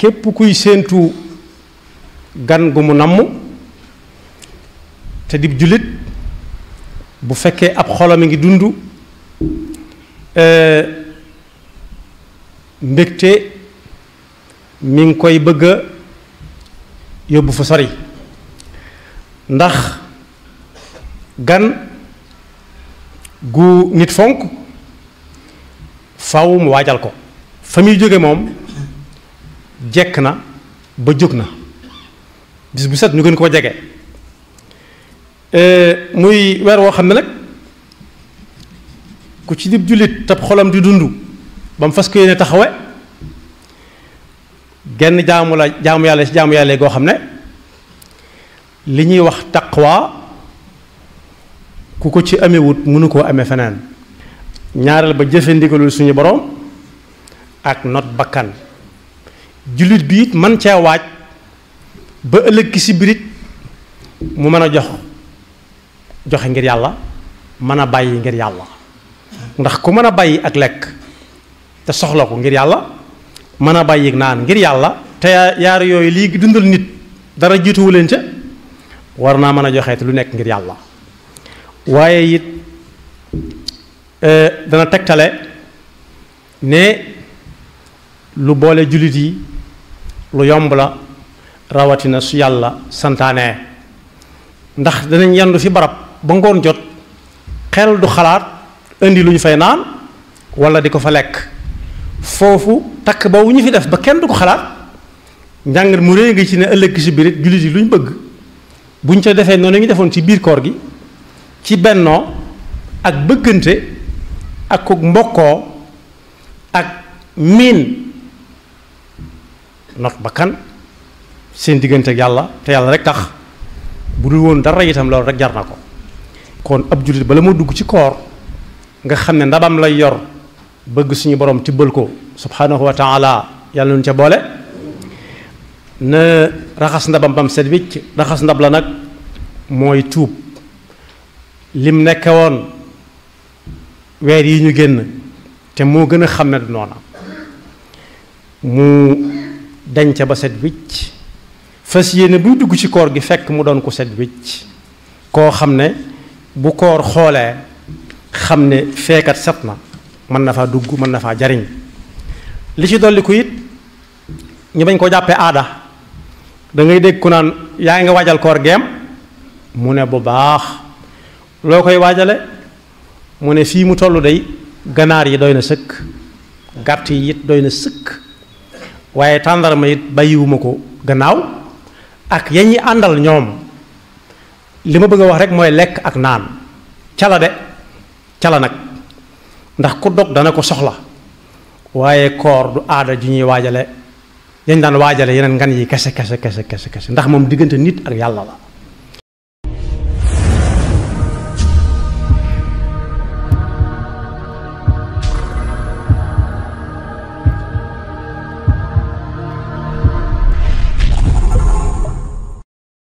képp kuy séentu gan gu mu namm te dib jullit bu fekkee ab xolom a ngi dundu euh, mbégte mi ngi koy bëgg a yóbbu fa sori ndax gan gu nit fonk faw waajal ko fa jóge moom jekk na ba jóg na bis bu set ñu gën koo jege euh, muy weer woo xam ne nag ku ci dib jullit tab xolam di dund ba mu fas ko yéene taxawe genn jaamu la jaamu yàlla ci jaamu yàlla goo xam ne li ñuy wax taqwa ku ko ci amewut mënu koo amee feneen ñaareel ba jëfe ndigalul suñu boroom ak not bakkan jullit bi it man cee waaj ba ëllëg ki si birit mu mën a jox joxe ngir yàlla mën a bàyyi ngir yàlla ndax ku mën a bàyyi ak lekk te soxla ko ngir yàlla mën a bàyyi naan ngir yàlla te yaar yooyu lii dundal nit dara jiituwu leen ca war naa mën a joxe lu nekk ngir yàlla waaye it eh, dana tegtale ne lu boole jullit yi lu yomb la rawatina su yàlla santaanee ndax danañ yendu fi barab ba ngoon jot xel du xalaat indi lu ñu fay naan wala di ko fa lekk foofu takk ba wu ñu fi def ba kenn du ko xalaat njàngat mu réy ngi ci ne ëllëg si biir it jullit yi lu ñu bëgg bu ñu ca defee noonu ñu defoon ci biir koor gi ci bennoo ak bëggante ak ku mbokkoo ak miin not bakkan seen diggante ak yàlla te yàlla rek tax bu dul woon dara itam loolu rek jar na ko kon ab jullit bala moo dugg ci koor nga xam ne ndabam lay yor bëgg suñu borom tibbal ko subhanahu wa taala yàlla nu ca boole na raxas ndabam bam set wicc raxas ndab la nag mooy tuub lim nekkee woon weer yi ñu génn te moo gën a xam ne du noona mu dañ ba set wicc fas yéene buy dugg ci koor gi fekk mu doon ko set wicc koo xam ne bu koor xoolee xam ne feekat set na mën na fa dugg mën na faa jariñ li ci dolli ko it ñu bañ koo jàppee aada dangay dégg ku naan yaa nga waajal koor geem mu ne bu baax loo koy waajale mu ne fii mu toll dey ganaar yi doy na sëkk gàtt yi it doy na sëkk waaye tàndarma it bàyyiwuma ko gannaaw ak ya ñuy àndal ñoom li ma bëgg a wax rek mooy lekk ak naan cala de cala nag ndax ku dog dana ko soxla waaye koor du aada ji ñuy waajale yañ daan waajale yeneen ngan yi kese kese kese kese kese ndax moom diggante nit ak yàlla la